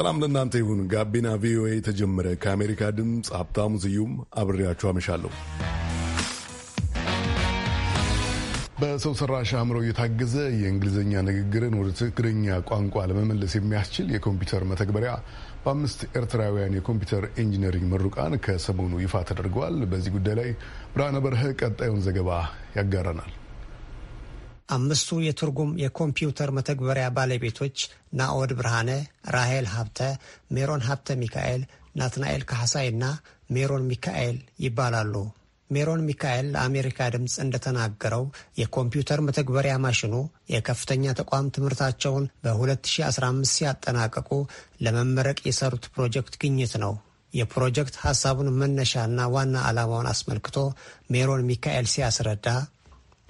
ሰላም ለእናንተ ይሁን። ጋቢና ቪኦኤ የተጀመረ ከአሜሪካ ድምፅ ሀብታሙ ስዩም አብሬያችሁ አመሻለሁ። በሰው ሰራሽ አእምሮ እየታገዘ የእንግሊዝኛ ንግግርን ወደ ትግርኛ ቋንቋ ለመመለስ የሚያስችል የኮምፒውተር መተግበሪያ በአምስት ኤርትራውያን የኮምፒውተር ኢንጂነሪንግ ምሩቃን ከሰሞኑ ይፋ ተደርገዋል። በዚህ ጉዳይ ላይ ብርሃነ በርሀ ቀጣዩን ዘገባ ያጋረናል። አምስቱ የትርጉም የኮምፒውተር መተግበሪያ ባለቤቶች ናኦድ ብርሃነ፣ ራሄል ሀብተ፣ ሜሮን ሀብተ ሚካኤል፣ ናትናኤል ካሕሳይና ሜሮን ሚካኤል ይባላሉ። ሜሮን ሚካኤል ለአሜሪካ ድምፅ እንደተናገረው የኮምፒውተር መተግበሪያ ማሽኑ የከፍተኛ ተቋም ትምህርታቸውን በ2015 ሲያጠናቀቁ ለመመረቅ የሰሩት ፕሮጀክት ግኝት ነው። የፕሮጀክት ሐሳቡን መነሻና ዋና ዓላማውን አስመልክቶ ሜሮን ሚካኤል ሲያስረዳ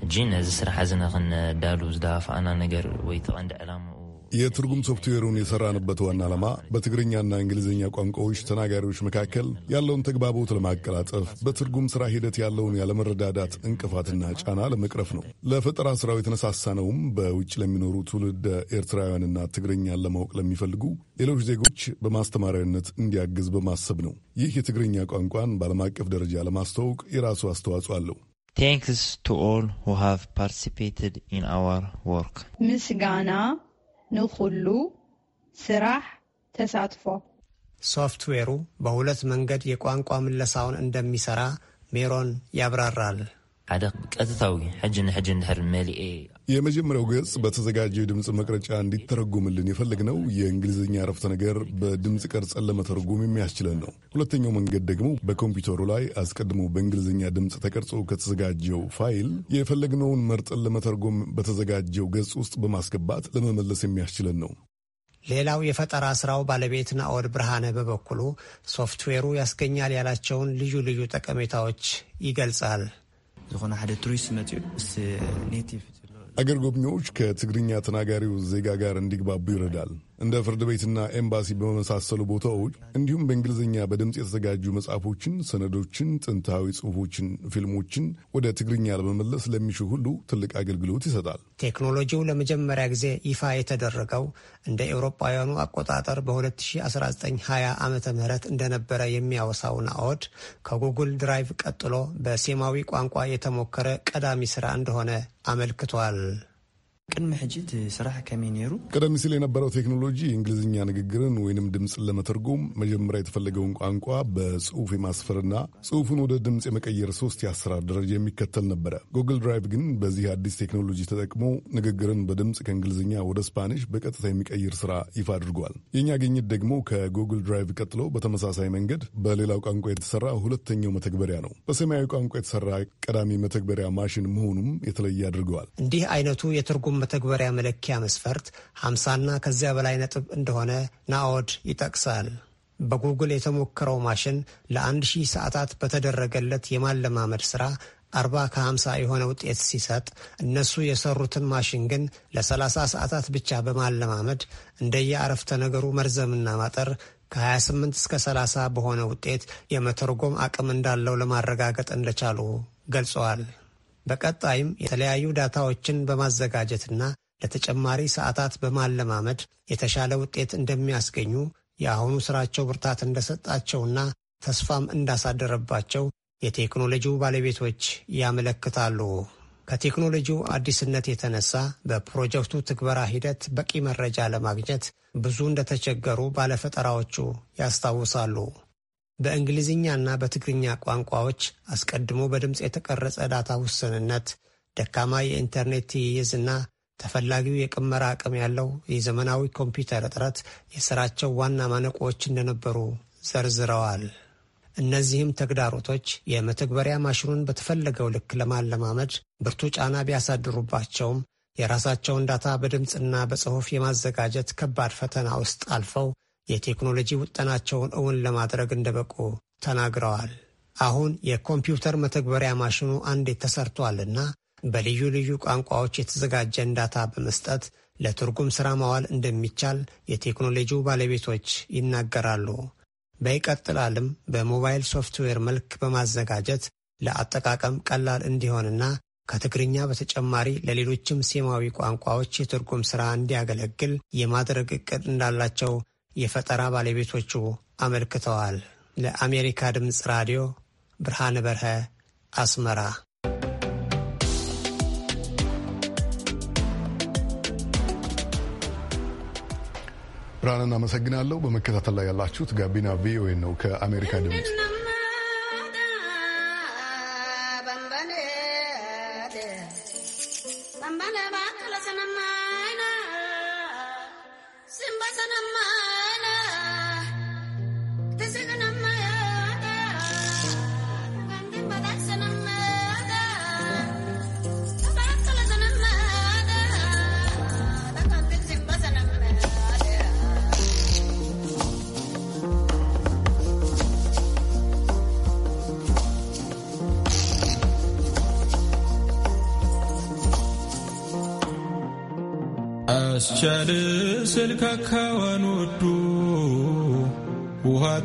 እጂ ነዚ ስራሕ እዚ ንክንዳሉ ዝደፋኣና ነገር ወይ ተቐንዲ ዕላማ የትርጉም ሶፍትዌሩን የሰራንበት ዋና ዓላማ በትግርኛና እንግሊዝኛ ቋንቋዎች ተናጋሪዎች መካከል ያለውን ተግባቦት ለማቀላጠፍ በትርጉም ስራ ሂደት ያለውን ያለመረዳዳት እንቅፋትና ጫና ለመቅረፍ ነው። ለፈጠራ ስራው የተነሳሳነውም በውጭ ለሚኖሩ ትውልድ ኤርትራውያንና ትግርኛን ለማወቅ ለሚፈልጉ ሌሎች ዜጎች በማስተማሪያነት እንዲያግዝ በማሰብ ነው። ይህ የትግርኛ ቋንቋን በዓለም አቀፍ ደረጃ ለማስተዋወቅ የራሱ አስተዋጽኦ አለው። Thanks to all who have participated in our work. ምስጋና ንኹሉ ስራሕ ተሳትፎ። ሶፍትዌሩ በሁለት መንገድ የቋንቋ ምለሳውን እንደሚሰራ ሜሮን ያብራራል። ሓደ ቀጥታዊ ሕጂ ንሕጂ እንድሕር መሊኤ የመጀመሪያው ገጽ በተዘጋጀው የድምፅ መቅረጫ እንዲተረጉምልን የፈለግነው የእንግሊዝኛ አረፍተ ነገር በድምፅ ቀርጸን ለመተርጎም የሚያስችለን ነው። ሁለተኛው መንገድ ደግሞ በኮምፒውተሩ ላይ አስቀድሞ በእንግሊዝኛ ድምፅ ተቀርጾ ከተዘጋጀው ፋይል የፈለግነውን መርጠን ለመተርጎም በተዘጋጀው ገጽ ውስጥ በማስገባት ለመመለስ የሚያስችለን ነው። ሌላው የፈጠራ ስራው ባለቤት ናኦድ ብርሃነ በበኩሉ ሶፍትዌሩ ያስገኛል ያላቸውን ልዩ ልዩ ጠቀሜታዎች ይገልጻል። ዝኾነ ሓደ ቱሪስት መፅኡ ኔቲቭ አገር ጎብኚዎች ከትግርኛ ተናጋሪው ዜጋ ጋር እንዲግባቡ ይረዳል። እንደ ፍርድ ቤትና ኤምባሲ በመሳሰሉ ቦታዎች እንዲሁም በእንግሊዝኛ በድምፅ የተዘጋጁ መጽሐፎችን፣ ሰነዶችን፣ ጥንታዊ ጽሑፎችን፣ ፊልሞችን ወደ ትግርኛ ለመመለስ ለሚሹ ሁሉ ትልቅ አገልግሎት ይሰጣል። ቴክኖሎጂው ለመጀመሪያ ጊዜ ይፋ የተደረገው እንደ ኤውሮፓውያኑ አቆጣጠር በ2019 20 ዓመተ እንደነበረ የሚያወሳውን አወድ ከጉግል ድራይቭ ቀጥሎ በሴማዊ ቋንቋ የተሞከረ ቀዳሚ ስራ እንደሆነ አመልክቷል። ቅድመ ሕጂ እቲ ስራሕ ከመይ ነይሩ? ቀደም ሲል የነበረው ቴክኖሎጂ የእንግሊዝኛ ንግግርን ወይንም ድምፅን ለመተርጎም መጀመሪያ የተፈለገውን ቋንቋ በጽሁፍ የማስፈርና ጽሑፉን ወደ ድምፅ የመቀየር ሶስት የአሰራር ደረጃ የሚከተል ነበረ። ጉግል ድራይቭ ግን በዚህ አዲስ ቴክኖሎጂ ተጠቅሞ ንግግርን በድምፅ ከእንግሊዝኛ ወደ ስፓኒሽ በቀጥታ የሚቀይር ስራ ይፋ አድርጓል። የእኛ ግኝት ደግሞ ከጉግል ድራይቭ ቀጥሎ በተመሳሳይ መንገድ በሌላው ቋንቋ የተሰራ ሁለተኛው መተግበሪያ ነው። በሰማያዊ ቋንቋ የተሰራ ቀዳሚ መተግበሪያ ማሽን መሆኑም የተለየ አድርገዋል። እንዲህ አይነቱ የትርጉም መተግበሪያ መለኪያ መስፈርት 50ና ከዚያ በላይ ነጥብ እንደሆነ ናኦድ ይጠቅሳል። በጉግል የተሞከረው ማሽን ለ ሺህ ሰዓታት በተደረገለት የማለማመድ ሥራ 40 ከ50 የሆነ ውጤት ሲሰጥ እነሱ የሰሩትን ማሽን ግን ለ30 ሰዓታት ብቻ በማለማመድ እንደየአረፍተ ነገሩ መርዘምና ማጠር ከ28 እስከ 30 በሆነ ውጤት የመተርጎም አቅም እንዳለው ለማረጋገጥ እንደቻሉ ገልጸዋል። በቀጣይም የተለያዩ ዳታዎችን በማዘጋጀትና ለተጨማሪ ሰዓታት በማለማመድ የተሻለ ውጤት እንደሚያስገኙ የአሁኑ ስራቸው ብርታት እንደሰጣቸውና ተስፋም እንዳሳደረባቸው የቴክኖሎጂው ባለቤቶች ያመለክታሉ። ከቴክኖሎጂው አዲስነት የተነሳ በፕሮጀክቱ ትግበራ ሂደት በቂ መረጃ ለማግኘት ብዙ እንደተቸገሩ ባለፈጠራዎቹ ያስታውሳሉ። በእንግሊዝኛና በትግርኛ ቋንቋዎች አስቀድሞ በድምፅ የተቀረጸ ዳታ ውስንነት፣ ደካማ የኢንተርኔት ትይይዝና ተፈላጊው የቅመራ አቅም ያለው የዘመናዊ ኮምፒውተር እጥረት የሥራቸው ዋና ማነቆዎች እንደነበሩ ዘርዝረዋል። እነዚህም ተግዳሮቶች የመተግበሪያ ማሽኑን በተፈለገው ልክ ለማለማመድ ብርቱ ጫና ቢያሳድሩባቸውም የራሳቸውን ዳታ በድምፅና በጽሑፍ የማዘጋጀት ከባድ ፈተና ውስጥ አልፈው የቴክኖሎጂ ውጥናቸውን እውን ለማድረግ እንደበቁ ተናግረዋል። አሁን የኮምፒውተር መተግበሪያ ማሽኑ አንዴ ተሰርቷልና በልዩ ልዩ ቋንቋዎች የተዘጋጀ እንዳታ በመስጠት ለትርጉም ሥራ ማዋል እንደሚቻል የቴክኖሎጂው ባለቤቶች ይናገራሉ። በይቀጥላልም በሞባይል ሶፍትዌር መልክ በማዘጋጀት ለአጠቃቀም ቀላል እንዲሆንና ከትግርኛ በተጨማሪ ለሌሎችም ሴማዊ ቋንቋዎች የትርጉም ሥራ እንዲያገለግል የማድረግ ዕቅድ እንዳላቸው የፈጠራ ባለቤቶቹ አመልክተዋል። ለአሜሪካ ድምፅ ራዲዮ ብርሃነ በርሀ አስመራ። ብርሃን እናመሰግናለሁ። በመከታተል ላይ ያላችሁት ጋቢና ቪኦኤ ነው ከአሜሪካ ድምፅ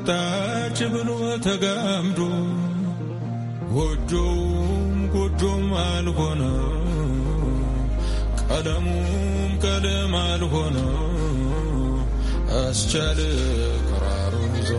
መጣች ብሎ ተጋምዶ ጎጆውም ጎጆም አልሆነ ቀለሙም ቀለም አልሆነ አስቻለ ቀራሩን ይዞ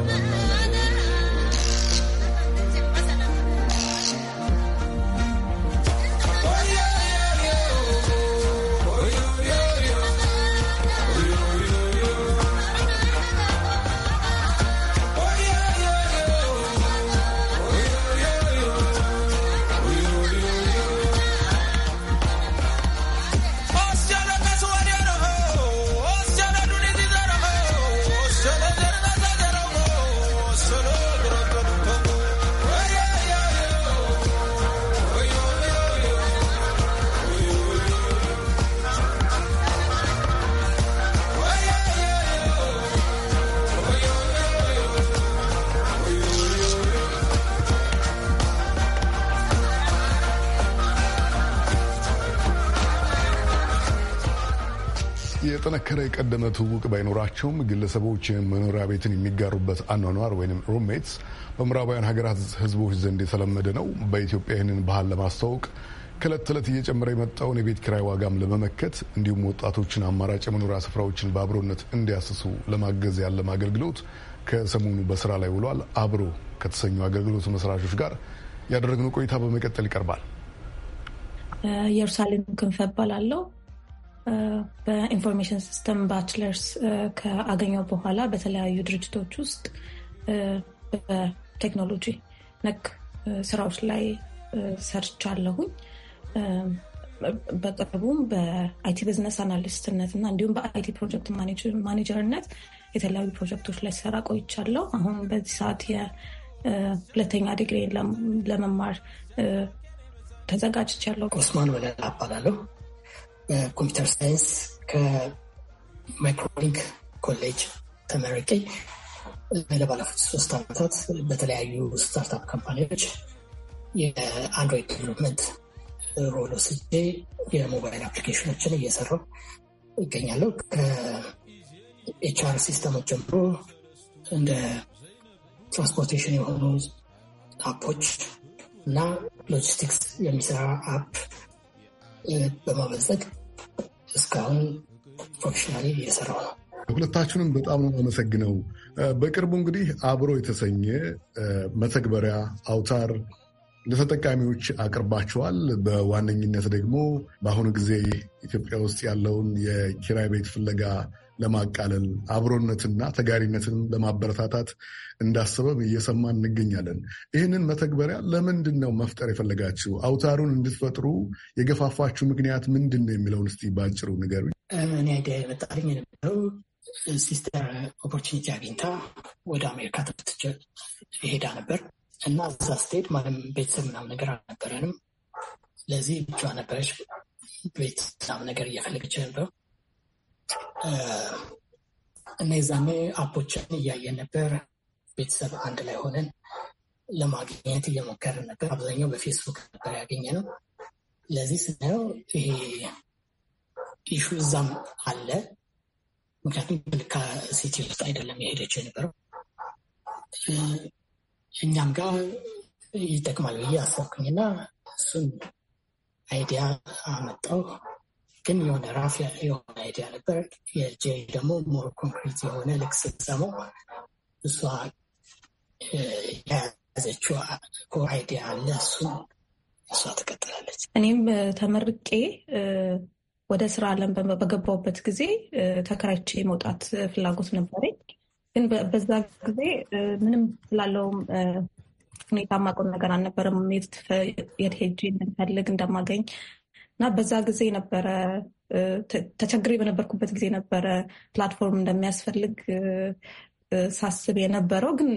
የጠነከረ የቀደመ ትውውቅ ባይኖራቸውም ግለሰቦች መኖሪያ ቤትን የሚጋሩበት አኗኗር ወይም ሩሜትስ በምዕራባውያን ሀገራት ህዝቦች ዘንድ የተለመደ ነው። በኢትዮጵያ ይህንን ባህል ለማስተዋወቅ ከእለት ተዕለት እየጨመረ የመጣውን የቤት ኪራይ ዋጋም ለመመከት እንዲሁም ወጣቶችን አማራጭ የመኖሪያ ስፍራዎችን በአብሮነት እንዲያስሱ ለማገዝ ያለም አገልግሎት ከሰሞኑ በስራ ላይ ውሏል። አብሮ ከተሰኙ አገልግሎት መስራቾች ጋር ያደረግነው ቆይታ በመቀጠል ይቀርባል። ኢየሩሳሌም ክንፈ እባላለሁ። በኢንፎርሜሽን ሲስተም ባችለርስ ከአገኘው በኋላ በተለያዩ ድርጅቶች ውስጥ በቴክኖሎጂ ነክ ስራዎች ላይ ሰርቻለሁኝ። በቅርቡም በአይቲ ብዝነስ አናሊስትነት እና እንዲሁም በአይቲ ፕሮጀክት ማኔጀርነት የተለያዩ ፕሮጀክቶች ላይ ሰራ ቆይቻለሁ። አሁን በዚህ ሰዓት የሁለተኛ ዲግሪ ለመማር ተዘጋጅቻለሁ። ኦስማን በለላ እባላለሁ። በኮምፒውተር ሳይንስ ከማይክሮሊንክ ኮሌጅ ተመርቄ ለባለፉት ሶስት ዓመታት በተለያዩ ስታርታፕ ካምፓኒዎች የአንድሮይድ ዴቨሎፕመንት ሮሎ ስጄ የሞባይል አፕሊኬሽኖችን እየሰራው ይገኛለሁ። ከኤችአር ሲስተሞች ጀምሮ እንደ ትራንስፖርቴሽን የሆኑ አፖች እና ሎጂስቲክስ የሚሰራ አፕ በማመዘግ እስካሁን ፕሮፌሽናሊ እየሰራው ነው። ሁለታችሁንም በጣም ነው አመሰግነው። በቅርቡ እንግዲህ አብሮ የተሰኘ መተግበሪያ አውታር ለተጠቃሚዎች አቅርባችኋል። በዋነኝነት ደግሞ በአሁኑ ጊዜ ኢትዮጵያ ውስጥ ያለውን የኪራይ ቤት ፍለጋ ለማቃለል አብሮነትና ተጋሪነትን ለማበረታታት እንዳሰበም እየሰማ እንገኛለን። ይህንን መተግበሪያ ለምንድን ነው መፍጠር የፈለጋችሁ? አውታሩን እንድትፈጥሩ የገፋፋችሁ ምክንያት ምንድን ነው የሚለውን እስቲ በአጭሩ ንገሩኝ። እኔ አይዲያ የመጣልኝ የነበረው ሲስተር ኦፖርቹኒቲ አግኝታ ወደ አሜሪካ ትምህርት ይሄዳ ነበር እና እዛ ስትሄድ ማለትም ቤተሰብ ምናምን ነገር አልነበረንም። ለዚህ ብቻ ነበረች ቤት ምናምን ነገር እየፈለገች ነበር እና የዛኔ አፖችን እያየን ነበር። ቤተሰብ አንድ ላይ ሆነን ለማግኘት እየሞከር ነበር። አብዛኛው በፌስቡክ ነበር ያገኘ ነው። ለዚህ ስናየው ይሄ ኢሹ እዛም አለ። ምክንያቱም ልካ ሲቲ ውስጥ አይደለም የሄደችው የነበረው። እኛም ጋር ይጠቅማል ብዬ አሰብኩኝና እሱን አይዲያ አመጣው። ግን የሆነ ራፍ የሆነ አይዲያ ነበር። የጄ ደግሞ ሞር ኮንክሪት የሆነ ልክ ስትሰማው እሷ የያዘችው አይዲያ አለ እሱ እሷ ትቀጥላለች። እኔም ተመርቄ ወደ ስራ አለም በገባሁበት ጊዜ ተከራይቼ መውጣት ፍላጎት ነበረኝ። ግን በዛ ጊዜ ምንም ስላለውም ሁኔታ ማቆም ነገር አልነበረም። የት ሄጄ እንደምፈልግ እንደማገኝ እና በዛ ጊዜ ነበረ ተቸግሬ በነበርኩበት ጊዜ ነበረ ፕላትፎርም እንደሚያስፈልግ ሳስብ የነበረው ግን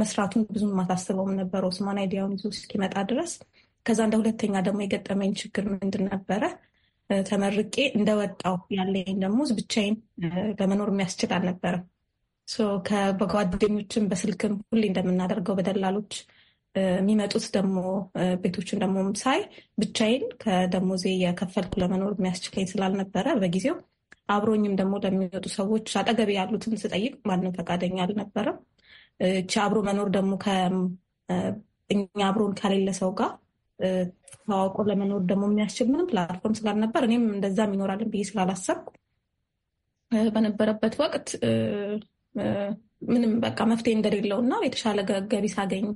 መስራቱን ብዙም አታስበውም ነበረው ስማን አይዲያውን ይዞ እስኪመጣ ድረስ። ከዛ እንደ ሁለተኛ ደግሞ የገጠመኝ ችግር ምንድን ነበረ? ተመርቄ እንደወጣው ያለኝ ደግሞ ብቻዬን ለመኖር የሚያስችል አልነበረም። ከበጓደኞችን በስልክም ሁሌ እንደምናደርገው በደላሎች የሚመጡት ደግሞ ቤቶችን ደግሞ ሳይ ብቻዬን ከደሞዜ የከፈልኩ ለመኖር የሚያስችለኝ ስላልነበረ በጊዜው አብሮኝም ደግሞ ለሚወጡ ሰዎች አጠገብ ያሉትን ስጠይቅ ማንም ፈቃደኛ አልነበረም። እቺ አብሮ መኖር ደግሞ እኛ አብሮን ከሌለ ሰው ጋር ተዋውቆ ለመኖር ደግሞ የሚያስችል ምንም ፕላትፎርም ስላልነበር እኔም እንደዛም ይኖራልን ብዬ ስላላሰብኩ በነበረበት ወቅት ምንም በቃ መፍትሄ እንደሌለው እና የተሻለ ገቢ ሳገኝ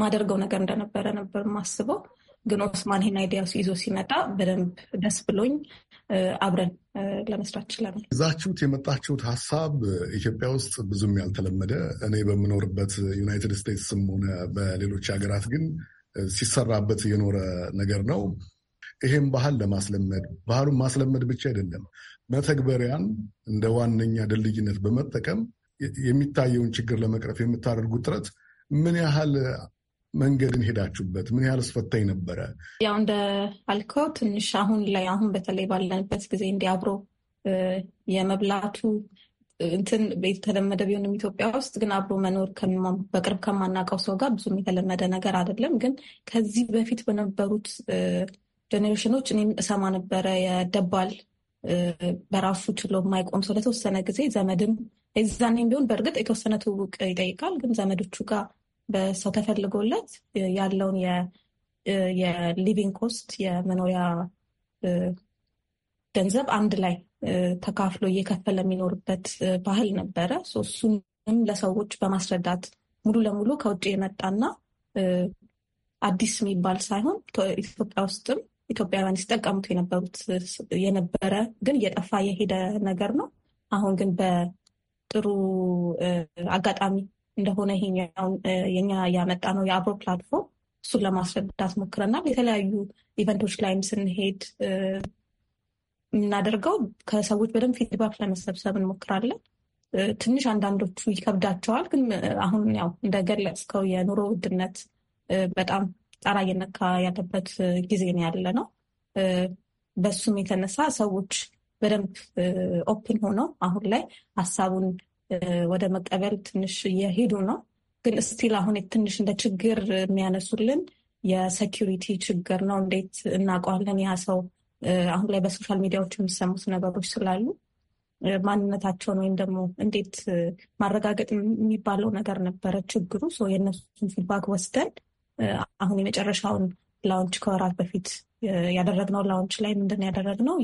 ማደርገው ነገር እንደነበረ ነበር ማስበው። ግን ኦስማን ይሄን አይዲያ ይዞ ሲመጣ በደንብ ደስ ብሎኝ አብረን ለመስራት ችለናል። ይዛችሁት የመጣችሁት ሀሳብ ኢትዮጵያ ውስጥ ብዙም ያልተለመደ እኔ በምኖርበት ዩናይትድ ስቴትስም ሆነ በሌሎች ሀገራት ግን ሲሰራበት የኖረ ነገር ነው። ይሄም ባህል ለማስለመድ ባህሉን ማስለመድ ብቻ አይደለም፣ መተግበሪያን እንደ ዋነኛ ድልድይነት በመጠቀም የሚታየውን ችግር ለመቅረፍ የምታደርጉት ጥረት ምን ያህል መንገድን ሄዳችሁበት? ምን ያህል አስፈታኝ ነበረ? ያው እንደ አልከው ትንሽ አሁን ላይ አሁን በተለይ ባለንበት ጊዜ እንዲህ አብሮ የመብላቱ እንትን የተለመደ ቢሆንም ኢትዮጵያ ውስጥ ግን አብሮ መኖር በቅርብ ከማናውቀው ሰው ጋር ብዙም የተለመደ ነገር አይደለም። ግን ከዚህ በፊት በነበሩት ጄኔሬሽኖች እኔም እሰማ ነበረ የደባል በራሱ ችሎ የማይቆም ሰው ለተወሰነ ጊዜ ዘመድም የዛኔም ቢሆን በእርግጥ የተወሰነ ትውውቅ ይጠይቃል። ግን ዘመዶቹ ጋር በሰው ተፈልጎለት ያለውን የሊቪንግ ኮስት የመኖሪያ ገንዘብ አንድ ላይ ተካፍሎ እየከፈለ የሚኖርበት ባህል ነበረ። እሱንም ለሰዎች በማስረዳት ሙሉ ለሙሉ ከውጭ የመጣና አዲስ የሚባል ሳይሆን ኢትዮጵያ ውስጥም ኢትዮጵያውያን ሲጠቀሙት የነበሩት የነበረ ግን እየጠፋ የሄደ ነገር ነው። አሁን ግን ጥሩ አጋጣሚ እንደሆነ የኛ ያመጣ ነው የአብሮ ፕላትፎርም እሱን ለማስረዳት ሞክረናል። የተለያዩ ኢቨንቶች ላይም ስንሄድ የምናደርገው ከሰዎች በደንብ ፊድባክ ለመሰብሰብ እንሞክራለን። ትንሽ አንዳንዶቹ ይከብዳቸዋል፣ ግን አሁን ያው እንደገለጽከው የኑሮ ውድነት በጣም ጣራ እየነካ ያለበት ጊዜ ነው ያለ ነው። በሱም የተነሳ ሰዎች በደንብ ኦፕን ሆኖ አሁን ላይ ሀሳቡን ወደ መቀበል ትንሽ እየሄዱ ነው። ግን ስቲል አሁን ትንሽ እንደ ችግር የሚያነሱልን የሴኪሪቲ ችግር ነው። እንዴት እናውቀዋለን ያ ሰው አሁን ላይ በሶሻል ሚዲያዎች የሚሰሙት ነገሮች ስላሉ ማንነታቸውን ወይም ደግሞ እንዴት ማረጋገጥ የሚባለው ነገር ነበረ ችግሩ። የእነሱን ፊድባክ ወስደን አሁን የመጨረሻውን ላውንች ከወራት በፊት ያደረግነው ላውንች ላይ ምንድን ያደረግነው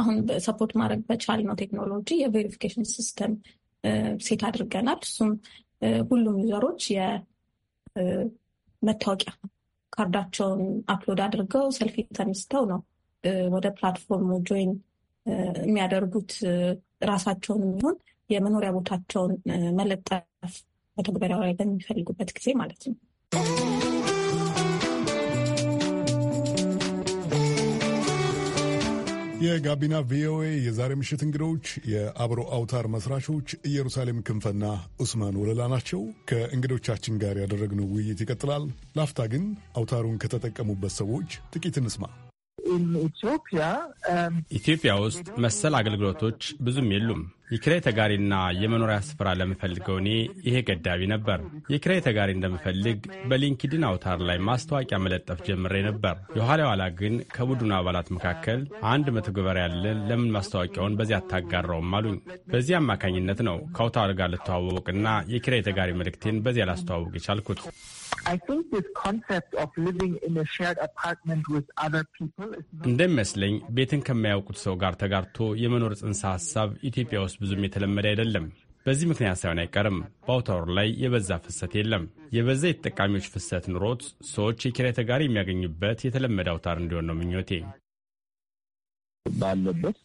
አሁን ሰፖርት ማድረግ በቻል ነው ቴክኖሎጂ የቬሪፊኬሽን ሲስተም ሴት አድርገናል። እሱም ሁሉም ዩዘሮች የመታወቂያ ካርዳቸውን አፕሎድ አድርገው ሰልፊ ተነስተው ነው ወደ ፕላትፎርሙ ጆይን የሚያደርጉት። ራሳቸውን የሚሆን የመኖሪያ ቦታቸውን መለጠፍ በተግበሪያው ላይ በሚፈልጉበት ጊዜ ማለት ነው። የጋቢና ቪኦኤ የዛሬ ምሽት እንግዶች የአብሮ አውታር መስራቾች ኢየሩሳሌም ክንፈና ኡስማን ወለላ ናቸው። ከእንግዶቻችን ጋር ያደረግነው ውይይት ይቀጥላል። ላፍታ ግን አውታሩን ከተጠቀሙበት ሰዎች ጥቂት እንስማ። ኢትዮጵያ ውስጥ መሰል አገልግሎቶች ብዙም የሉም። የኪራይ ተጋሪና የመኖሪያ ስፍራ ለምፈልገው እኔ ይሄ ገዳቢ ነበር። የኪራይ ተጋሪ እንደምፈልግ በሊንክድን አውታር ላይ ማስታወቂያ መለጠፍ ጀምሬ ነበር። የኋላ ኋላ ግን ከቡድኑ አባላት መካከል አንድ መተግበሪያ ያለን ለምን ማስታወቂያውን በዚህ አታጋራውም አሉኝ። በዚህ አማካኝነት ነው ከአውታር ጋር ልተዋወቅና የኪራይ ተጋሪ መልእክቴን በዚያ ላስተዋወቅ የቻልኩት። እንደሚመስለኝ ቤትን ከማያውቁት ሰው ጋር ተጋርቶ የመኖር ጽንሰ ሀሳብ ኢትዮጵያ ውስጥ ብዙም የተለመደ አይደለም። በዚህ ምክንያት ሳይሆን አይቀርም በአውታወር ላይ የበዛ ፍሰት የለም። የበዛ የተጠቃሚዎች ፍሰት ኑሮት ሰዎች የኪራይ ተጋሪ የሚያገኙበት የተለመደ አውታር እንዲሆን ነው ምኞቴ። ባለበት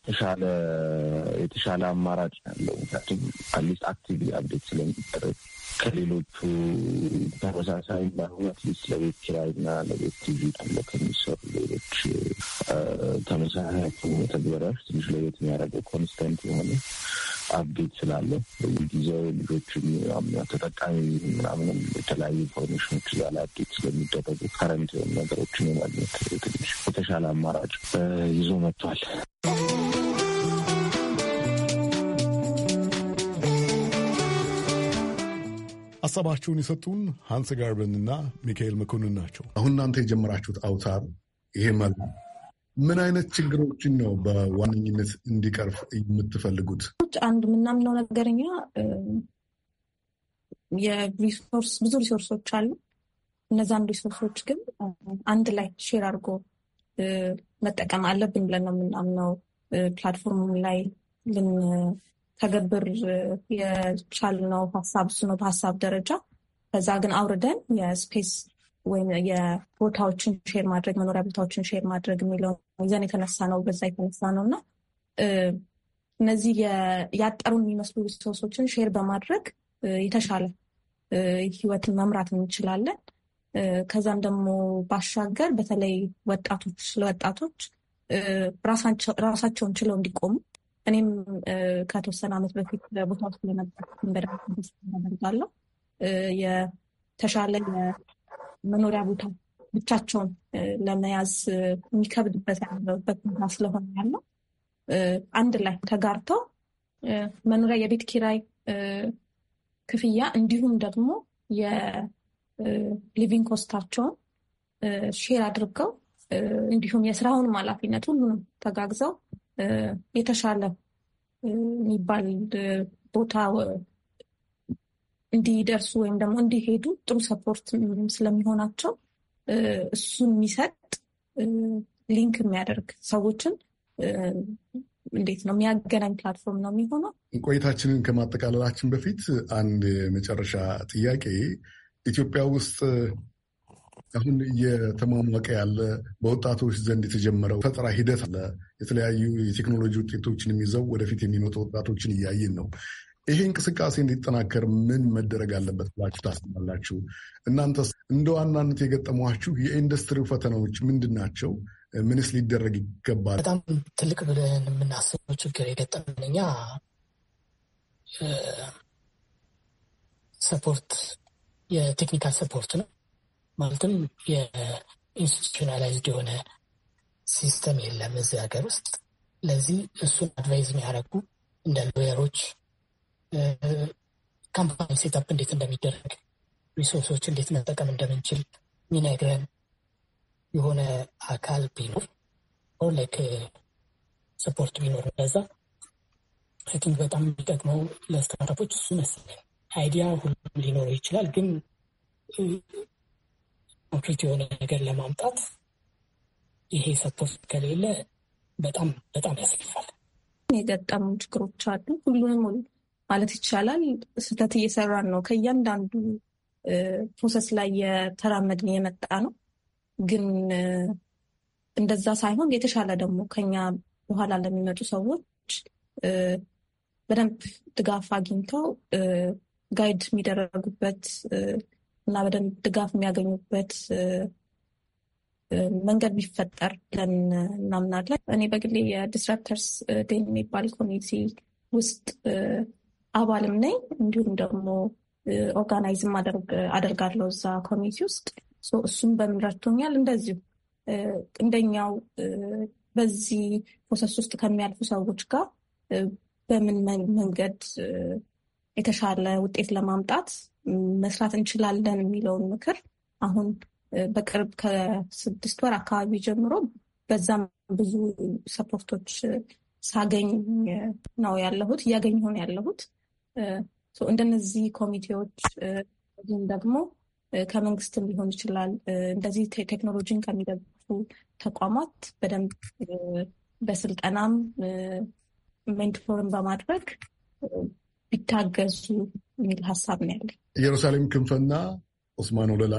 የተሻለ አማራጭ ያለው ምክንያቱም አትሊስት አክቲቭ አብዴት ስለሚደረግ ከሌሎቹ ተመሳሳይ ባይሆኑ አትሊስት ለቤት ኪራይ ኪራይና ለቤት ቲቪ ተብሎ ከሚሰሩ ሌሎች ተመሳሳይ መተግበሪያዎች ትንሽ ለቤት የሚያደርገው ኮንስተንት የሆነ አፕዴት ስላለ በየጊዜው ልጆችን ተጠቃሚ ምናምንም የተለያዩ ኢንፎርሜሽኖች ያለ ላይ አፕዴት ስለሚደረጉ ከረንት ነገሮችን የማግኘት ትንሽ የተሻለ አማራጭ ይዞ መጥቷል። ሀሳባቸውን የሰጡን ሀንስ ጋርበንና ሚካኤል መኮንን ናቸው። አሁን እናንተ የጀመራችሁት አውታር ይሄ መ ምን አይነት ችግሮችን ነው በዋነኝነት እንዲቀርፍ የምትፈልጉት? አንድ የምናምነው ነገርኛ የሪሶርስ ብዙ ሪሶርሶች አሉ። እነዛን ሪሶርሶች ግን አንድ ላይ ሼር አድርጎ መጠቀም አለብን ብለን ነው የምናምነው። ፕላትፎርም ላይ ተገብር የቻልነው ሀሳብ እሱ ነው በሀሳብ ደረጃ። ከዛ ግን አውርደን የስፔስ ወይም የቦታዎችን ሼር ማድረግ መኖሪያ ቦታዎችን ሼር ማድረግ የሚለው ይዘን የተነሳ ነው በዛ የተነሳ ነው እና እነዚህ ያጠሩን የሚመስሉ ሪሶርሶችን ሼር በማድረግ የተሻለ ህይወትን መምራት እንችላለን። ከዛም ደግሞ ባሻገር በተለይ ወጣቶች ስለወጣቶች ራሳቸውን ችለው እንዲቆሙ እኔም ከተወሰነ ዓመት በፊት በቦታው ስለነበርኩኝ በደንብ የተሻለ የመኖሪያ ቦታ ብቻቸውን ለመያዝ የሚከብድበት ያለበት ቦታ ስለሆነ ያለው አንድ ላይ ተጋርተው መኖሪያ የቤት ኪራይ ክፍያ እንዲሁም ደግሞ የሊቪንግ ኮስታቸውን ሼር አድርገው እንዲሁም የስራውን ኃላፊነት ሁሉንም ተጋግዘው የተሻለ የሚባል ቦታ እንዲደርሱ ወይም ደግሞ እንዲሄዱ ጥሩ ሰፖርት ስለሚሆናቸው እሱን የሚሰጥ ሊንክ የሚያደርግ ሰዎችን እንዴት ነው የሚያገናኝ ፕላትፎርም ነው የሚሆነው። ቆይታችንን ከማጠቃለላችን በፊት አንድ የመጨረሻ ጥያቄ ኢትዮጵያ ውስጥ አሁን እየተሟሟቀ ያለ በወጣቶች ዘንድ የተጀመረው ፈጠራ ሂደት አለ። የተለያዩ የቴክኖሎጂ ውጤቶችን ይዘው ወደፊት የሚመጡ ወጣቶችን እያየን ነው። ይሄ እንቅስቃሴ እንዲጠናከር ምን መደረግ አለበት ብላችሁ ታስባላችሁ? እናንተስ እንደ ዋናነት የገጠሟችሁ የኢንዱስትሪው ፈተናዎች ምንድን ናቸው? ምንስ ሊደረግ ይገባል? በጣም ትልቅ ብለን የምናስበው ችግር የገጠመን ሰፖርት የቴክኒካል ሰፖርት ነው። ማለትም የኢንስቲቱሽናላይዝድ የሆነ ሲስተም የለም እዚህ ሀገር ውስጥ። ለዚህ እሱን አድቫይዝ የሚያደርጉ እንደ ሎየሮች ካምፓኒ ሴታፕ እንዴት እንደሚደረግ ሪሶርሶች እንዴት መጠቀም እንደምንችል ሚነግረን የሆነ አካል ቢኖር ኦር ላይክ ሰፖርት ቢኖር እንደዛ ቲንክ በጣም የሚጠቅመው ለስታርታፖች እሱ መሰለኝ። አይዲያ ሁሉም ሊኖረው ይችላል፣ ግን ኮንክሪት የሆነ ነገር ለማምጣት ይሄ ሰፖርት ከሌለ በጣም በጣም ያስልፋል። የገጠሙ ችግሮች አሉ። ሁሉንም ማለት ይቻላል ስህተት እየሰራን ነው። ከእያንዳንዱ ፕሮሰስ ላይ የተራመድን የመጣ ነው። ግን እንደዛ ሳይሆን የተሻለ ደግሞ ከኛ በኋላ ለሚመጡ ሰዎች በደንብ ድጋፍ አግኝተው ጋይድ የሚደረጉበት እና በደንብ ድጋፍ የሚያገኙበት መንገድ ቢፈጠር ብለን እናምናለን። እኔ በግሌ የዲስራፕተርስ ዴን የሚባል ኮሚኒቲ ውስጥ አባልም ነኝ። እንዲሁም ደግሞ ኦርጋናይዝም አደርጋለሁ እዛ ኮሚኒቲ ውስጥ እሱም በምን ረድቶኛል። እንደዚሁ እንደኛው በዚህ ፕሮሰስ ውስጥ ከሚያልፉ ሰዎች ጋር በምን መንገድ የተሻለ ውጤት ለማምጣት መስራት እንችላለን የሚለውን ምክር አሁን በቅርብ ከስድስት ወር አካባቢ ጀምሮ በዛም ብዙ ሰፖርቶች ሳገኝ ነው ያለሁት እያገኝ ሆን ያለሁት እንደነዚህ ኮሚቴዎች እዚህም ደግሞ ከመንግስትም ሊሆን ይችላል እንደዚህ ቴክኖሎጂን ከሚደግፉ ተቋማት በደንብ በስልጠናም ሜንቶርን በማድረግ ቢታገዙ የሚል ሀሳብ ነው ያለ። ኢየሩሳሌም ክንፈና ኦስማን ወለላ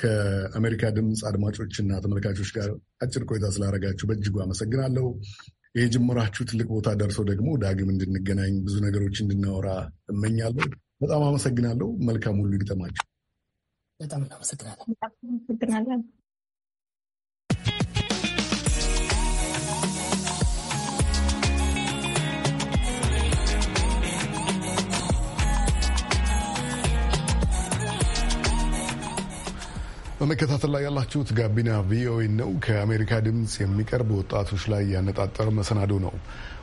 ከአሜሪካ ድምፅ አድማጮችና ተመልካቾች ጋር አጭር ቆይታ ስላደረጋችሁ በእጅጉ አመሰግናለሁ። የጅምራችሁ ትልቅ ቦታ ደርሶ ደግሞ ዳግም እንድንገናኝ ብዙ ነገሮች እንድናወራ እመኛለሁ። በጣም አመሰግናለሁ። መልካም ሁሉ ይግጠማችሁ። በጣም እናመሰግናለን። በመከታተል ላይ ያላችሁት ጋቢና ቪኦኤ ነው። ከአሜሪካ ድምፅ የሚቀርብ ወጣቶች ላይ ያነጣጠረ መሰናዶ ነው።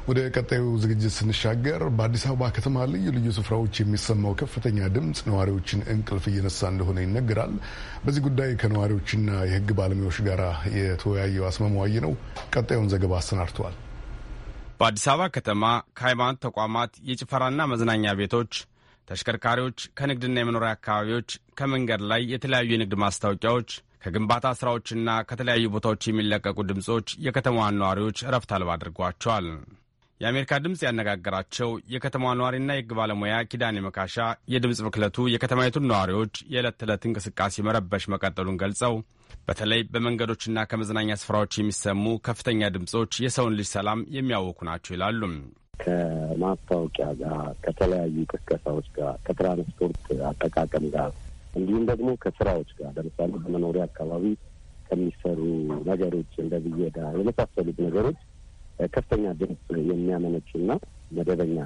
ወደ ቀጣዩ ዝግጅት ስንሻገር በአዲስ አበባ ከተማ ልዩ ልዩ ስፍራዎች የሚሰማው ከፍተኛ ድምፅ ነዋሪዎችን እንቅልፍ እየነሳ እንደሆነ ይነገራል። በዚህ ጉዳይ ከነዋሪዎችና የሕግ ባለሙያዎች ጋር የተወያየው አስመመዋይ ነው። ቀጣዩን ዘገባ አሰናድተዋል። በአዲስ አበባ ከተማ ከሃይማኖት ተቋማት የጭፈራና መዝናኛ ቤቶች ተሽከርካሪዎች ከንግድና የመኖሪያ አካባቢዎች፣ ከመንገድ ላይ የተለያዩ የንግድ ማስታወቂያዎች፣ ከግንባታ ሥራዎችና ከተለያዩ ቦታዎች የሚለቀቁ ድምፆች የከተማዋን ነዋሪዎች እረፍት አልባ አድርጓቸዋል። የአሜሪካ ድምፅ ያነጋገራቸው የከተማዋ ነዋሪና የሕግ ባለሙያ ኪዳኔ መካሻ የድምፅ ብክለቱ የከተማይቱን ነዋሪዎች የዕለት ተዕለት እንቅስቃሴ መረበሽ መቀጠሉን ገልጸው በተለይ በመንገዶችና ከመዝናኛ ስፍራዎች የሚሰሙ ከፍተኛ ድምፆች የሰውን ልጅ ሰላም የሚያወኩ ናቸው ይላሉ። ከማስታወቂያ ጋር፣ ከተለያዩ ቅስቀሳዎች ጋር፣ ከትራንስፖርት አጠቃቀም ጋር እንዲሁም ደግሞ ከስራዎች ጋር ለምሳሌ በመኖሪያ አካባቢ ከሚሰሩ ነገሮች እንደ ብየዳ የመሳሰሉት ነገሮች ከፍተኛ ድምፅ የሚያመነጩና መደበኛ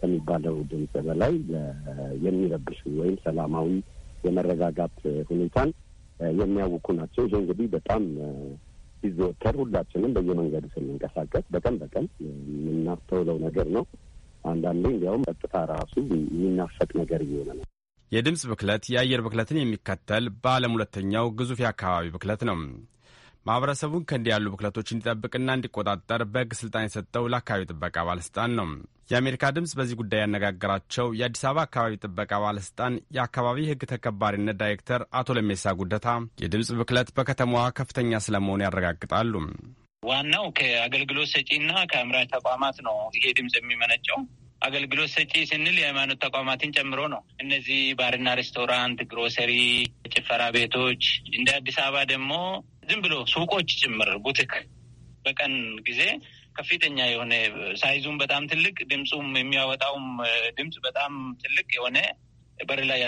ከሚባለው ድምፅ በላይ የሚረብሹ ወይም ሰላማዊ የመረጋጋት ሁኔታን የሚያውቁ ናቸው። ይሄ እንግዲህ በጣም ሲዘወተር ሁላችንም በየመንገዱ ስንንቀሳቀስ በቀን በቀን የምናስተውለው ነገር ነው። አንዳንዴ እንዲያውም ቀጥታ ራሱ የሚናፈቅ ነገር እየሆነ ነው። የድምፅ ብክለት የአየር ብክለትን የሚከተል በዓለም ሁለተኛው ግዙፍ የአካባቢ ብክለት ነው። ማህበረሰቡን ከእንዲህ ያሉ ብክለቶች እንዲጠብቅና እንዲቆጣጠር በሕግ ስልጣን የሰጠው ለአካባቢ ጥበቃ ባለስልጣን ነው። የአሜሪካ ድምፅ በዚህ ጉዳይ ያነጋገራቸው የአዲስ አበባ አካባቢ ጥበቃ ባለስልጣን የአካባቢ ሕግ ተከባሪነት ዳይሬክተር አቶ ለሜሳ ጉደታ የድምፅ ብክለት በከተማዋ ከፍተኛ ስለመሆኑ ያረጋግጣሉ። ዋናው ከአገልግሎት ሰጪና ከአምራች ተቋማት ነው ይሄ ድምፅ የሚመነጨው። አገልግሎት ሰጪ ስንል የሃይማኖት ተቋማትን ጨምሮ ነው። እነዚህ ባርና ሬስቶራንት፣ ግሮሰሪ፣ ጭፈራ ቤቶች እንደ አዲስ አበባ ደግሞ ዝም ብሎ ሱቆች ጭምር ቡትክ በቀን ጊዜ ከፍተኛ የሆነ ሳይዙም በጣም ትልቅ ድምፁም የሚያወጣውም ድምፅ በጣም ትልቅ የሆነ በር ላይ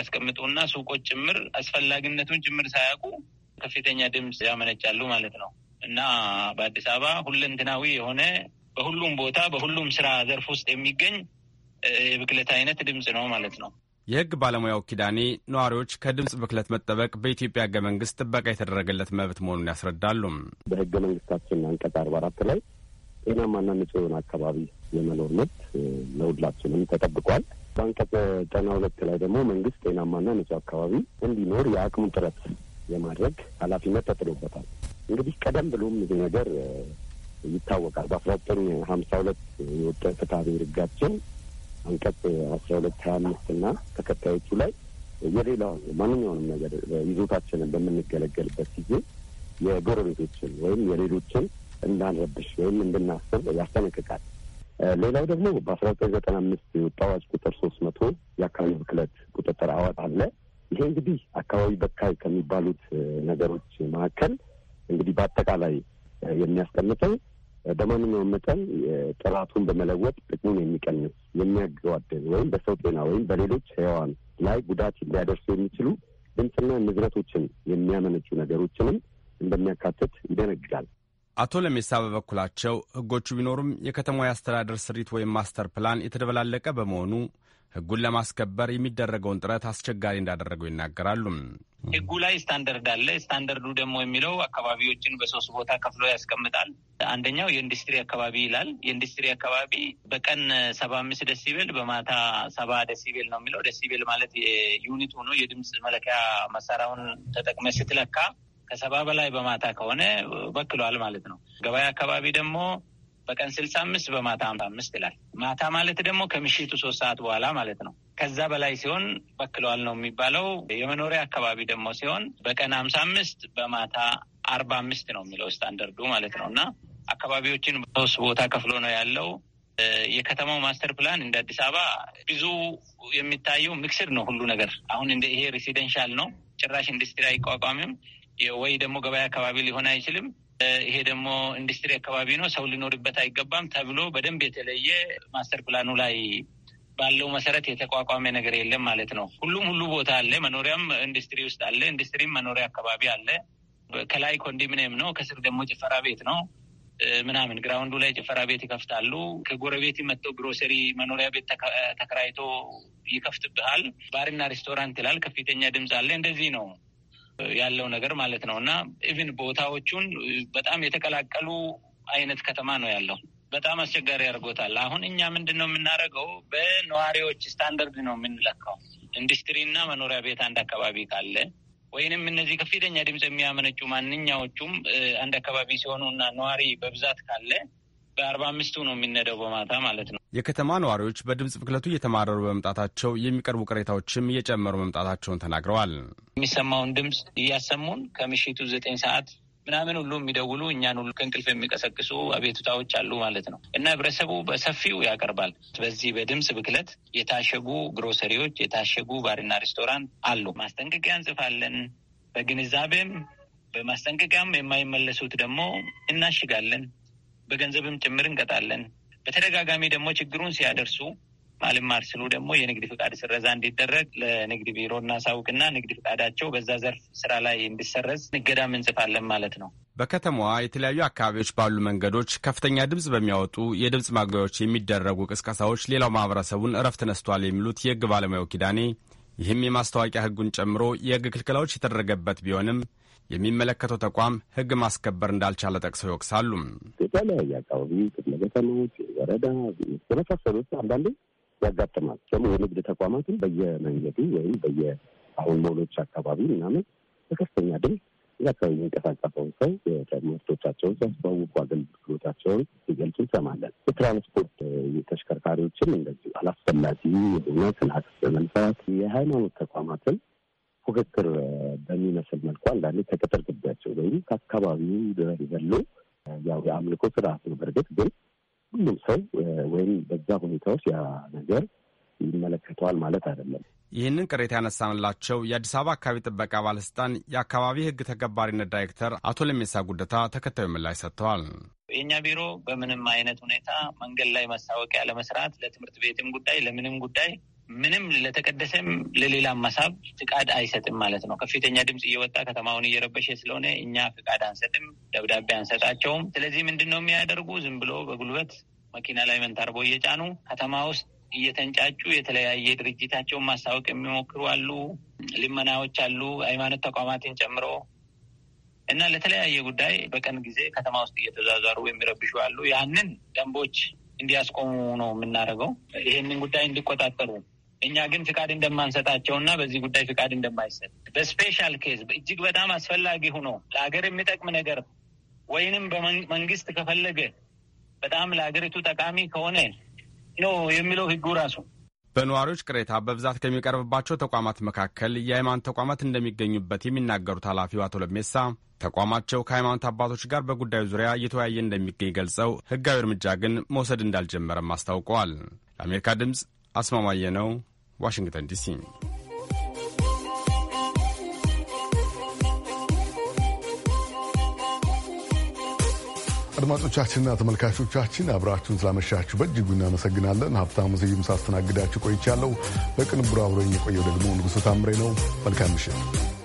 እና ሱቆች ጭምር አስፈላጊነቱን ጭምር ሳያውቁ ከፍተኛ ድምፅ ያመነጫሉ ማለት ነው እና በአዲስ አበባ ሁለንትናዊ የሆነ በሁሉም ቦታ በሁሉም ስራ ዘርፍ ውስጥ የሚገኝ የብክለት አይነት ድምፅ ነው ማለት ነው። የህግ ባለሙያው ኪዳኔ ነዋሪዎች ከድምፅ ብክለት መጠበቅ በኢትዮጵያ ህገ መንግስት ጥበቃ የተደረገለት መብት መሆኑን ያስረዳሉ። በህገ መንግስታችን አንቀጽ አርባ አራት ላይ ጤናማና ንጹህ የሆነ አካባቢ የመኖር መብት ለሁላችንም ተጠብቋል። በአንቀጽ ዘጠና ሁለት ላይ ደግሞ መንግስት ጤናማና ንጹህ አካባቢ እንዲኖር የአቅሙ ጥረት የማድረግ ኃላፊነት ተጥሎበታል። እንግዲህ ቀደም ብሎም እዚህ ነገር ይታወቃል። በአስራ ዘጠኝ ሀምሳ ሁለት የወጠ ፍትሐ ብሔር አንቀጽ አስራ ሁለት ሀያ አምስት እና ተከታዮቹ ላይ የሌላውን ማንኛውንም ነገር ይዞታችንን በምንገለገልበት ጊዜ የጎረቤቶችን ወይም የሌሎችን እንዳንረብሽ ወይም እንድናስብ ያስጠነቅቃል። ሌላው ደግሞ በአስራ ዘጠኝ ዘጠና አምስት የወጣው አዋጅ ቁጥር ሶስት መቶ የአካባቢ ብክለት ቁጥጥር አዋጅ አለ። ይሄ እንግዲህ አካባቢ በካይ ከሚባሉት ነገሮች መካከል እንግዲህ በአጠቃላይ የሚያስቀምጠው በማንኛውም መጠን ጥራቱን በመለወጥ ጥቅሙን የሚቀንስ የሚያገዋድን ወይም በሰው ጤና ወይም በሌሎች ሕያዋን ላይ ጉዳት ሊያደርሱ የሚችሉ ድምፅና ንዝረቶችን የሚያመነጩ ነገሮችንም እንደሚያካትት ይደነግጋል። አቶ ለሜሳ በበኩላቸው ህጎቹ ቢኖሩም የከተማው የአስተዳደር ስሪት ወይም ማስተር ፕላን የተደበላለቀ በመሆኑ ህጉን ለማስከበር የሚደረገውን ጥረት አስቸጋሪ እንዳደረገው ይናገራሉ። ህጉ ላይ ስታንደርድ አለ። ስታንደርዱ ደግሞ የሚለው አካባቢዎችን በሶስት ቦታ ከፍሎ ያስቀምጣል። አንደኛው የኢንዱስትሪ አካባቢ ይላል። የኢንዱስትሪ አካባቢ በቀን ሰባ አምስት ደሲቤል በማታ ሰባ ደሲቤል ነው የሚለው። ደሲቤል ማለት የዩኒት ሆኖ የድምፅ መለኪያ መሳሪያውን ተጠቅመ ስትለካ ከሰባ በላይ በማታ ከሆነ በክሏል ማለት ነው። ገበያ አካባቢ ደግሞ በቀን ስልሳ አምስት በማታ አምሳ አምስት ይላል። ማታ ማለት ደግሞ ከምሽቱ ሶስት ሰዓት በኋላ ማለት ነው። ከዛ በላይ ሲሆን በክለዋል ነው የሚባለው። የመኖሪያ አካባቢ ደግሞ ሲሆን በቀን አምሳ አምስት በማታ አርባ አምስት ነው የሚለው ስታንደርዱ ማለት ነው። እና አካባቢዎችን በሶስት ቦታ ከፍሎ ነው ያለው። የከተማው ማስተር ፕላን እንደ አዲስ አበባ ብዙ የሚታየው ሚክስድ ነው ሁሉ ነገር። አሁን እንደ ይሄ ሬሲደንሻል ነው ጭራሽ ኢንዱስትሪ አይቋቋምም። ወይ ደግሞ ገበያ አካባቢ ሊሆን አይችልም። ይሄ ደግሞ ኢንዱስትሪ አካባቢ ነው፣ ሰው ሊኖርበት አይገባም ተብሎ በደንብ የተለየ ማስተር ፕላኑ ላይ ባለው መሰረት የተቋቋመ ነገር የለም ማለት ነው። ሁሉም ሁሉ ቦታ አለ። መኖሪያም ኢንዱስትሪ ውስጥ አለ፣ ኢንዱስትሪም መኖሪያ አካባቢ አለ። ከላይ ኮንዶሚኒየም ነው፣ ከስር ደግሞ ጭፈራ ቤት ነው ምናምን ግራውንዱ ላይ ጭፈራ ቤት ይከፍታሉ። ከጎረቤት መጥተው ግሮሰሪ መኖሪያ ቤት ተከራይቶ ይከፍትብሃል። ባርና ሬስቶራንት ይላል። ከፍተኛ ድምፅ አለ። እንደዚህ ነው ያለው ነገር ማለት ነው እና ኢቭን ቦታዎቹን በጣም የተቀላቀሉ አይነት ከተማ ነው ያለው። በጣም አስቸጋሪ ያደርጎታል። አሁን እኛ ምንድን ነው የምናደርገው? በነዋሪዎች ስታንደርድ ነው የምንለካው። ኢንዱስትሪ እና መኖሪያ ቤት አንድ አካባቢ ካለ ወይንም እነዚህ ከፍተኛ ድምፅ የሚያመነጩ ማንኛዎቹም አንድ አካባቢ ሲሆኑ እና ነዋሪ በብዛት ካለ በአርባ አምስቱ ነው የሚነደው በማታ ማለት ነው። የከተማ ነዋሪዎች በድምፅ ብክለቱ እየተማረሩ በመምጣታቸው የሚቀርቡ ቅሬታዎችም እየጨመሩ መምጣታቸውን ተናግረዋል። የሚሰማውን ድምፅ እያሰሙን ከምሽቱ ዘጠኝ ሰዓት ምናምን ሁሉ የሚደውሉ እኛን ሁሉ ከእንቅልፍ የሚቀሰቅሱ አቤቱታዎች አሉ ማለት ነው እና ህብረተሰቡ በሰፊው ያቀርባል። በዚህ በድምፅ ብክለት የታሸጉ ግሮሰሪዎች፣ የታሸጉ ባርና ሬስቶራንት አሉ። ማስጠንቀቂያ እንጽፋለን። በግንዛቤም በማስጠንቀቂያም የማይመለሱት ደግሞ እናሽጋለን። በገንዘብም ጭምር እንቀጣለን። በተደጋጋሚ ደግሞ ችግሩን ሲያደርሱ ማልማር ስሉ ደግሞ የንግድ ፍቃድ ስረዛ እንዲደረግ ለንግድ ቢሮ እናሳውቅና ንግድ ፍቃዳቸው በዛ ዘርፍ ስራ ላይ እንዲሰረዝ እገዳም እንጽፋለን ማለት ነው። በከተማዋ የተለያዩ አካባቢዎች ባሉ መንገዶች ከፍተኛ ድምፅ በሚያወጡ የድምፅ ማጉያዎች የሚደረጉ ቅስቀሳዎች ሌላው ማህበረሰቡን እረፍት ነስቷል የሚሉት የህግ ባለሙያው ኪዳኔ፣ ይህም የማስታወቂያ ህጉን ጨምሮ የህግ ክልክላዎች የተደረገበት ቢሆንም የሚመለከተው ተቋም ህግ ማስከበር እንዳልቻለ ጠቅሰው ይወቅሳሉ። የተለያየ አካባቢ ክፍለ ከተሞች፣ ወረዳ የመሳሰሉት አንዳንዴ ያጋጥማል። ደግሞ የንግድ ተቋማትን በየመንገዱ ወይም በየአሁን ሞሎች አካባቢ ምናምን በከፍተኛ ድምፅ አካባቢ የሚንቀሳቀሰውን ሰው ምርቶቻቸውን ሲያስተዋውቁ አገልግሎታቸውን ሲገልጹ እንሰማለን። የትራንስፖርት ተሽከርካሪዎችም እንደዚሁ አላስፈላጊ የሆነ ትናንት በመንሳት የሃይማኖት ተቋማትን ፉክክር በሚመስል መልኩ አንዳንዴ ከቅጥር ግቢያቸው ወይም ከአካባቢው ዘሎ ያው የአምልኮ ስርዓት ነው። በእርግጥ ግን ሁሉም ሰው ወይም በዛ ሁኔታ ውስጥ ያ ነገር ይመለከተዋል ማለት አይደለም። ይህንን ቅሬታ ያነሳንላቸው የአዲስ አበባ አካባቢ ጥበቃ ባለስልጣን የአካባቢ ሕግ ተገባሪነት ዳይሬክተር አቶ ለሜሳ ጉደታ ተከታዩ ምላሽ ሰጥተዋል። የእኛ ቢሮ በምንም አይነት ሁኔታ መንገድ ላይ ማስታወቂያ ለመስራት ለትምህርት ቤትም ጉዳይ ለምንም ጉዳይ ምንም ለተቀደሰም ለሌላም መሳብ ፍቃድ አይሰጥም ማለት ነው። ከፍተኛ ድምፅ እየወጣ ከተማውን እየረበሸ ስለሆነ እኛ ፍቃድ አንሰጥም፣ ደብዳቤ አንሰጣቸውም። ስለዚህ ምንድን ነው የሚያደርጉ? ዝም ብሎ በጉልበት መኪና ላይ መንታርቦ እየጫኑ ከተማ ውስጥ እየተንጫጩ የተለያየ ድርጅታቸውን ማስታወቅ የሚሞክሩ አሉ። ልመናዎች አሉ፣ ሃይማኖት ተቋማትን ጨምሮ እና ለተለያየ ጉዳይ በቀን ጊዜ ከተማ ውስጥ እየተዟዟሩ የሚረብሹ አሉ። ያንን ደንቦች እንዲያስቆሙ ነው የምናደርገው። ይህንን ጉዳይ እንዲቆጣጠሩ እኛ ግን ፍቃድ እንደማንሰጣቸው እና በዚህ ጉዳይ ፍቃድ እንደማይሰጥ በስፔሻል ኬዝ እጅግ በጣም አስፈላጊ ሆኖ ለሀገር የሚጠቅም ነገር ወይንም በመንግስት ከፈለገ በጣም ለሀገሪቱ ጠቃሚ ከሆነ ነው የሚለው ህጉ ራሱ። በነዋሪዎች ቅሬታ በብዛት ከሚቀርብባቸው ተቋማት መካከል የሃይማኖት ተቋማት እንደሚገኙበት የሚናገሩት ኃላፊው አቶ ለሜሳ ተቋማቸው ከሃይማኖት አባቶች ጋር በጉዳዩ ዙሪያ እየተወያየ እንደሚገኝ ገልጸው ህጋዊ እርምጃ ግን መውሰድ እንዳልጀመረም አስታውቀዋል። ለአሜሪካ ድምፅ አስማማየ ነው ዋሽንግተን ዲሲ። አድማጮቻችንና ተመልካቾቻችን አብራችሁን ስላመሻችሁ በእጅጉ እናመሰግናለን። ሀብታሙ ስዩም ሳስተናግዳችሁ ቆይቻለሁ። በቅንብሩ አብሮኝ የቆየው ደግሞ ንጉሥ ታምሬ ነው። መልካም ምሽት።